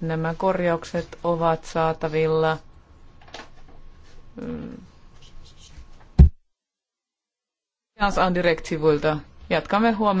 Nämä korjaukset ovat saatavilla Jans mm. Andirect-sivuilta. Jatkamme huomenna.